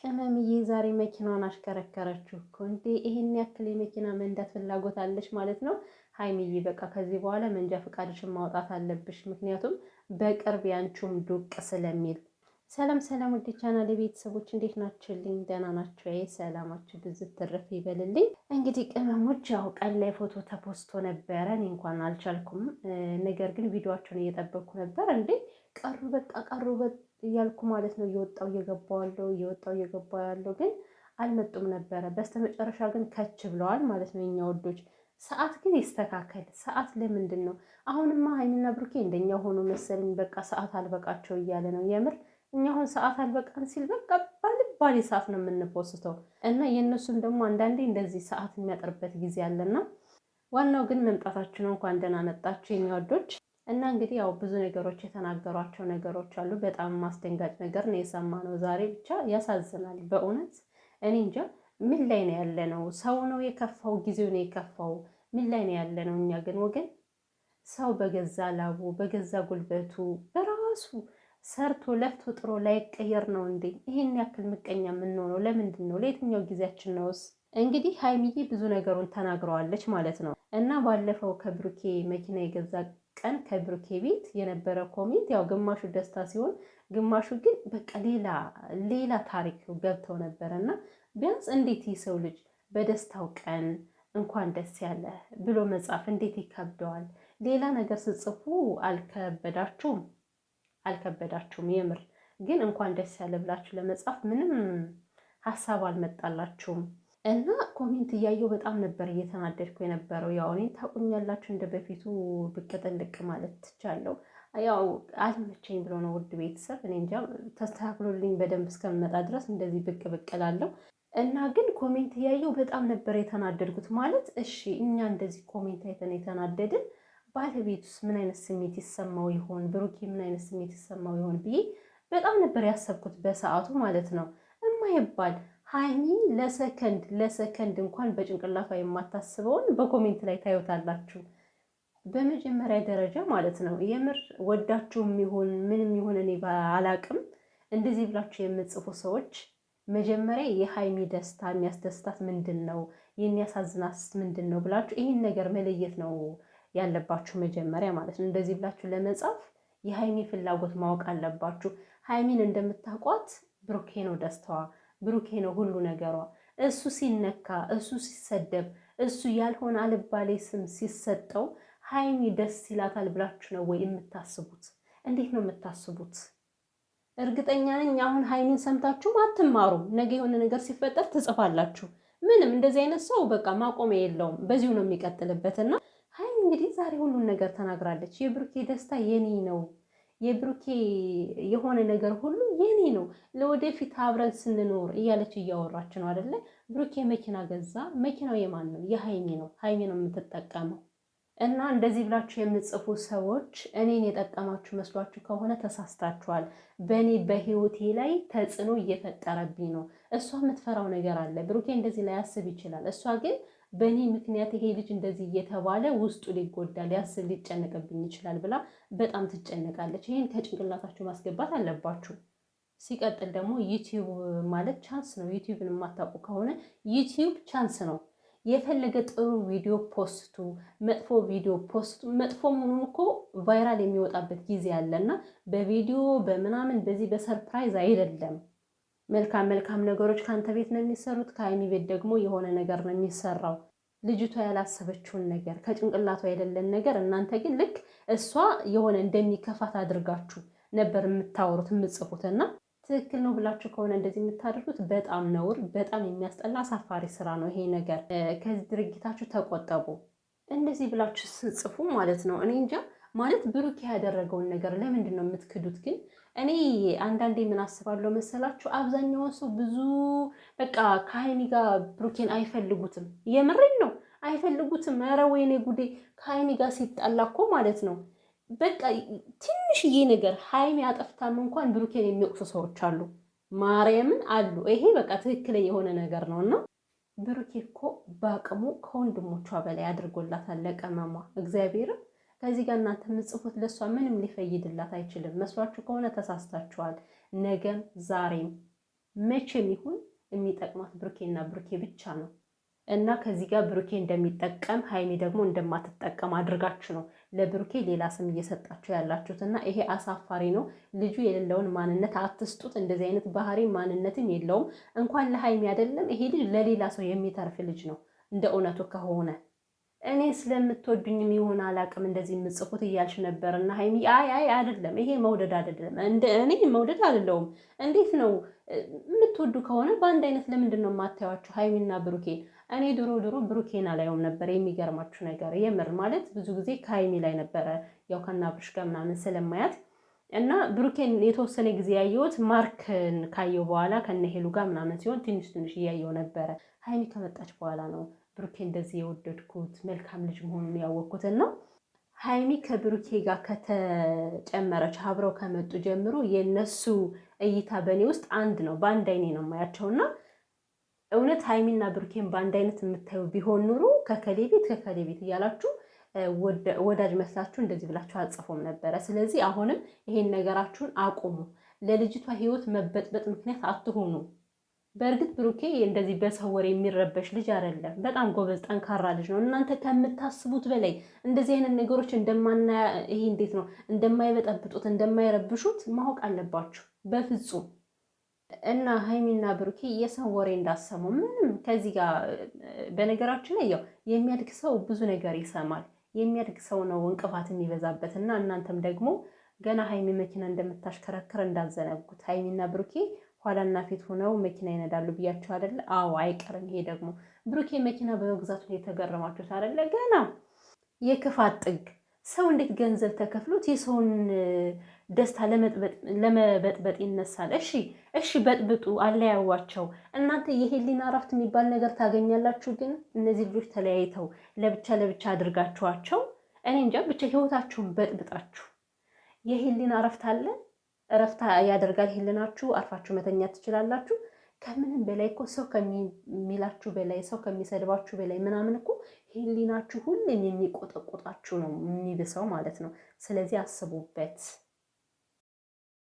ቅመምዬ ዛሬ መኪናዋን አሽከረከረችው እኮ እንዴ! ይሄን ያክል የመኪና መንዳት ፍላጎት አለች ማለት ነው ሀይሚዬ። በቃ ከዚህ በኋላ መንጃ ፈቃድሽን ማውጣት አለብሽ፣ ምክንያቱም በቅርብ ያንቹም ዱቅ ስለሚል። ሰላም ሰላም፣ ውድ ቻናል ቤተሰቦች እንዴት ናችሁልኝ? ደህና ይ ሰላማችሁ ብዙ ትርፍ ይበልልኝ። እንግዲህ ቅመሞች ያው ቀን ላይ ፎቶ ተፖስቶ ነበረ። እኔ እንኳን አልቻልኩም፣ ነገር ግን ቪዲዮቸውን እየጠበቅኩ ነበር እንዴ ቀሩ በቃ ቀሩ እያልኩ ማለት ነው እየወጣው እየገባው ያለው እየወጣው እየገባው ያለው ግን አልመጡም ነበረ። በስተመጨረሻ ግን ከች ብለዋል ማለት ነው የኛ ወዶች። ሰዓት ግን ይስተካከል። ሰዓት ለምንድን ነው አሁንማ? ሀይሚና ብሩኬ እንደኛ ሆኖ መሰለኝ በቃ ሰዓት አልበቃቸው እያለ ነው የምር። እኛ አሁን ሰዓት አልበቃን ሲል በቃ ባልባሌ ሰዓት ነው የምንፖስተው እና የእነሱም ደግሞ አንዳንዴ እንደዚህ ሰዓት የሚያጠርበት ጊዜ አለና ዋናው ግን መምጣታችሁ ነው። እንኳን ደህና መጣችሁ የኛ ወዶች። እና እንግዲህ ያው ብዙ ነገሮች የተናገሯቸው ነገሮች አሉ። በጣም ማስደንጋጭ ነገር ነው የሰማነው ዛሬ። ብቻ ያሳዝናል በእውነት እኔ እንጃ ምን ላይ ነው ያለ ነው? ሰው ነው የከፋው? ጊዜው ነው የከፋው? ምን ላይ ነው ያለ ነው? እኛ ግን ወገን ሰው በገዛ ላቡ በገዛ ጉልበቱ በራሱ ሰርቶ ለፍቶ ጥሮ ላይቀየር ነው እንዴ? ይህን ያክል ምቀኛ የምንሆነው ለምንድን ነው? ለየትኛው ጊዜያችን ነውስ? እንግዲህ ሀይሚዬ ብዙ ነገሩን ተናግረዋለች ማለት ነው። እና ባለፈው ከብሩኬ መኪና የገዛ ቀን ከብሩኬ ቤት የነበረ ኮሜንት ያው ግማሹ ደስታ ሲሆን፣ ግማሹ ግን በቃ ሌላ ሌላ ታሪክ ገብተው ነበር እና ቢያንስ እንዴት የሰው ልጅ በደስታው ቀን እንኳን ደስ ያለ ብሎ መጻፍ እንዴት ይከብደዋል? ሌላ ነገር ስጽፉ አልከበዳችሁም አልከበዳችሁም የምር ግን እንኳን ደስ ያለ ብላችሁ ለመጻፍ ምንም ሀሳብ አልመጣላችሁም። እና ኮሜንት እያየው በጣም ነበር እየተናደድኩ የነበረው። ያው እኔን ታቁኛላችሁ፣ እንደ በፊቱ ብቅ ጥልቅ ማለት ትቻለው። ያው አልመቸኝ ብሎ ነው ውድ ቤተሰብ። እኔ እንጃ ተስተካክሎልኝ በደንብ እስከምመጣ ድረስ እንደዚህ ብቅ ብቅ እላለሁ። እና ግን ኮሜንት እያየው በጣም ነበር የተናደድኩት። ማለት እሺ እኛ እንደዚህ ኮሜንት አይተን የተናደድን ባለቤቱስ ምን አይነት ስሜት ይሰማው ይሆን፣ ብሩኬ ምን አይነት ስሜት ይሰማው ይሆን ብዬ በጣም ነበር ያሰብኩት በሰዓቱ ማለት ነው። እማይባል ሀኒ ለሰከንድ ለሰከንድ እንኳን በጭንቅላቷ የማታስበውን በኮሜንት ላይ ታዩታላችሁ። በመጀመሪያ ደረጃ ማለት ነው የምር ወዳችሁ የሚሆን ምንም ይሁን እኔ አላቅም፣ እንደዚህ ብላችሁ የምጽፉ ሰዎች መጀመሪያ የሀይሚ ደስታ የሚያስደስታት ምንድን ነው፣ የሚያሳዝናት ምንድን ነው ብላችሁ ይህን ነገር መለየት ነው ያለባችሁ መጀመሪያ ማለት ነው። እንደዚህ ብላችሁ ለመጻፍ የሀይሚ ፍላጎት ማወቅ አለባችሁ። ሀይሚን እንደምታውቋት ብሩኬ ነው ደስታዋ ብሩኬ ነው ሁሉ ነገሯ። እሱ ሲነካ፣ እሱ ሲሰደብ፣ እሱ ያልሆነ አልባሌ ስም ሲሰጠው ሀይሚ ደስ ይላታል ብላችሁ ነው ወይ የምታስቡት? እንዴት ነው የምታስቡት? እርግጠኛ ነኝ አሁን ሀይሚን ሰምታችሁ አትማሩም። ነገ የሆነ ነገር ሲፈጠር ትጽፋላችሁ። ምንም እንደዚህ አይነት ሰው በቃ ማቆሚያ የለውም፣ በዚሁ ነው የሚቀጥልበት። እና ሀይሚ እንግዲህ ዛሬ ሁሉን ነገር ተናግራለች። የብሩኬ ደስታ የኔ ነው የብሩኬ የሆነ ነገር ሁሉ የኔ ነው፣ ለወደፊት አብረን ስንኖር እያለች እያወራች ነው አደለ? ብሩኬ መኪና ገዛ። መኪናው የማን ነው? የሀይሚ ነው። ሀይሚ ነው የምትጠቀመው። እና እንደዚህ ብላችሁ የምጽፉ ሰዎች እኔን የጠቀማችሁ መስሏችሁ ከሆነ ተሳስታችኋል። በእኔ በህይወቴ ላይ ተጽዕኖ እየፈጠረብኝ ነው። እሷ የምትፈራው ነገር አለ። ብሩኬ እንደዚህ ላያስብ ይችላል። እሷ ግን በእኔ ምክንያት ይሄ ልጅ እንደዚህ እየተባለ ውስጡ ሊጎዳ ሊያስብ ሊጨነቅብኝ ይችላል ብላ በጣም ትጨነቃለች። ይህን ከጭንቅላታችሁ ማስገባት አለባችሁ። ሲቀጥል ደግሞ ዩቲዩብ ማለት ቻንስ ነው። ዩቲዩብን የማታውቁ ከሆነ ዩቲዩብ ቻንስ ነው። የፈለገ ጥሩ ቪዲዮ ፖስቱ፣ መጥፎ ቪዲዮ ፖስቱ። መጥፎ መሆኑን እኮ ቫይራል የሚወጣበት ጊዜ አለና በቪዲዮ በምናምን በዚህ በሰርፕራይዝ አይደለም። መልካም መልካም ነገሮች ከአንተ ቤት ነው የሚሰሩት፣ ከሀይሚ ቤት ደግሞ የሆነ ነገር ነው የሚሰራው። ልጅቷ ያላሰበችውን ነገር ከጭንቅላቷ የሌለን ነገር እናንተ ግን ልክ እሷ የሆነ እንደሚከፋት አድርጋችሁ ነበር የምታወሩት የምጽፉት። እና ትክክል ነው ብላችሁ ከሆነ እንደዚህ የምታደርጉት በጣም ነውር፣ በጣም የሚያስጠላ አሳፋሪ ስራ ነው ይሄ ነገር። ከዚህ ድርጊታችሁ ተቆጠቡ። እንደዚህ ብላችሁ ስጽፉ ማለት ነው እኔ እንጃ ማለት ብሩክ ያደረገውን ነገር ለምንድን ነው የምትክዱት? ግን እኔ አንዳንዴ ምን አስባለሁ መሰላችሁ፣ አብዛኛው ሰው ብዙ በቃ ከሀይሚ ጋር ብሩኬን አይፈልጉትም። የምሬን ነው አይፈልጉትም። ኧረ ወይኔ ጉዴ! ከሀይሚ ጋር ሲጣላ እኮ ማለት ነው በቃ ትንሽዬ ነገር ሀይሚ አጠፍታም እንኳን ብሩኬን የሚወቅሱ ሰዎች አሉ፣ ማርያምን አሉ። ይሄ በቃ ትክክለኛ የሆነ ነገር ነው እና ብሩኬ እኮ በአቅሙ ከወንድሞቿ በላይ አድርጎላታል ለቀመሟ እግዚአብሔርም ከዚህ ጋር እናንተ የምጽፉት ለእሷ ምንም ሊፈይድላት አይችልም። መስሏችሁ ከሆነ ተሳስታችኋል። ነገም ዛሬም መቼም ይሁን የሚጠቅማት ብሩኬና ብሩኬ ብቻ ነው እና ከዚህ ጋር ብሩኬ እንደሚጠቀም ሀይሚ ደግሞ እንደማትጠቀም አድርጋችሁ ነው ለብሩኬ ሌላ ስም እየሰጣችሁ ያላችሁት እና ይሄ አሳፋሪ ነው። ልጁ የሌለውን ማንነት አትስጡት። እንደዚህ አይነት ባህሪ ማንነትም የለውም። እንኳን ለሀይሚ አይደለም ይሄ ልጅ ለሌላ ሰው የሚተርፍ ልጅ ነው እንደ እውነቱ ከሆነ እኔ ስለምትወዱኝም ይሆን አላቅም እንደዚህ የምጽፉት እያልሽ ነበር። እና ሀይሚ አይ አይ አይደለም፣ ይሄ መውደድ አይደለም። እንደ እኔ መውደድ አይደለውም። እንዴት ነው የምትወዱ ከሆነ በአንድ አይነት ለምንድን ነው የማታዩዋቸው ሀይሚና ብሩኬን? እኔ ድሮ ድሮ ብሩኬን አላየውም ነበር። የሚገርማችሁ ነገር የምር ማለት ብዙ ጊዜ ከሀይሚ ላይ ነበረ ያው ከናብርሽ ጋር ምናምን ስለማያት እና ብሩኬን የተወሰነ ጊዜ ያየሁት ማርክን ካየው በኋላ ከነሄሉ ጋር ምናምን ሲሆን ትንሽ ትንሽ እያየው ነበረ። ሀይሚ ከመጣች በኋላ ነው ብሩኬ እንደዚህ የወደድኩት መልካም ልጅ መሆኑን ያወቅኩትን ነው። ሀይሚ ከብሩኬ ጋር ከተጨመረች አብረው ከመጡ ጀምሮ የነሱ እይታ በእኔ ውስጥ አንድ ነው። በአንድ አይኔ ነው እና እውነት ሀይሚና ብሩኬን በአንድ አይነት የምታዩ ቢሆን ኑሮ ከከሌ ቤት ከከሌ ቤት እያላችሁ ወዳጅ መስላችሁ እንደዚህ ብላችሁ አጽፎም ነበረ። ስለዚህ አሁንም ይሄን ነገራችሁን አቁሙ። ለልጅቷ ህይወት መበጥበጥ ምክንያት አትሆኑ። በእርግጥ ብሩኬ እንደዚህ በሰው ወሬ የሚረበሽ ልጅ አይደለም። በጣም ጎበዝ ጠንካራ ልጅ ነው። እናንተ ከምታስቡት በላይ እንደዚህ አይነት ነገሮች እንደማና ይሄ እንዴት ነው እንደማይበጠብጡት እንደማይረብሹት ማወቅ አለባችሁ በፍጹም። እና ሀይሚና ብሩኬ የሰው ወሬ እንዳሰሙ ምንም ከዚህ ጋር በነገራችን ላይ ያው የሚያድግ ሰው ብዙ ነገር ይሰማል። የሚያድግ ሰው ነው እንቅፋት የሚበዛበት እና እናንተም ደግሞ ገና ሀይሚ መኪና እንደምታሽከረክር እንዳዘነጉት ሀይሚና ብሩኬ ኋላና ፊት ሆነው መኪና ይነዳሉ ብያቸው አደለ? አዎ አይቀርም። ይሄ ደግሞ ብሩኬ መኪና በመግዛቱ ላይ የተገረማችሁት አይደለ? ገና የክፋት ጥግ። ሰው እንዴት ገንዘብ ተከፍሎት የሰውን ደስታ ለመበጥበጥ ይነሳል። እሺ እሺ፣ በጥብጡ፣ አለያዋቸው። እናንተ የህሊና እረፍት የሚባል ነገር ታገኛላችሁ። ግን እነዚህ ልጆች ተለያይተው ለብቻ ለብቻ አድርጋችኋቸው፣ እኔ እንጃ ብቻ ህይወታችሁን በጥብጣችሁ የህሊና እረፍት አለ እረፍታ ያደርጋል ሂልናችሁ፣ አርፋችሁ መተኛት ትችላላችሁ። ከምንም በላይ እኮ ሰው ከሚላችሁ በላይ ሰው ከሚሰድባችሁ በላይ ምናምን እኮ ሄሊናችሁ ሁሌም የሚቆጠቆጣችሁ ነው የሚብሰው ማለት ነው። ስለዚህ አስቡበት።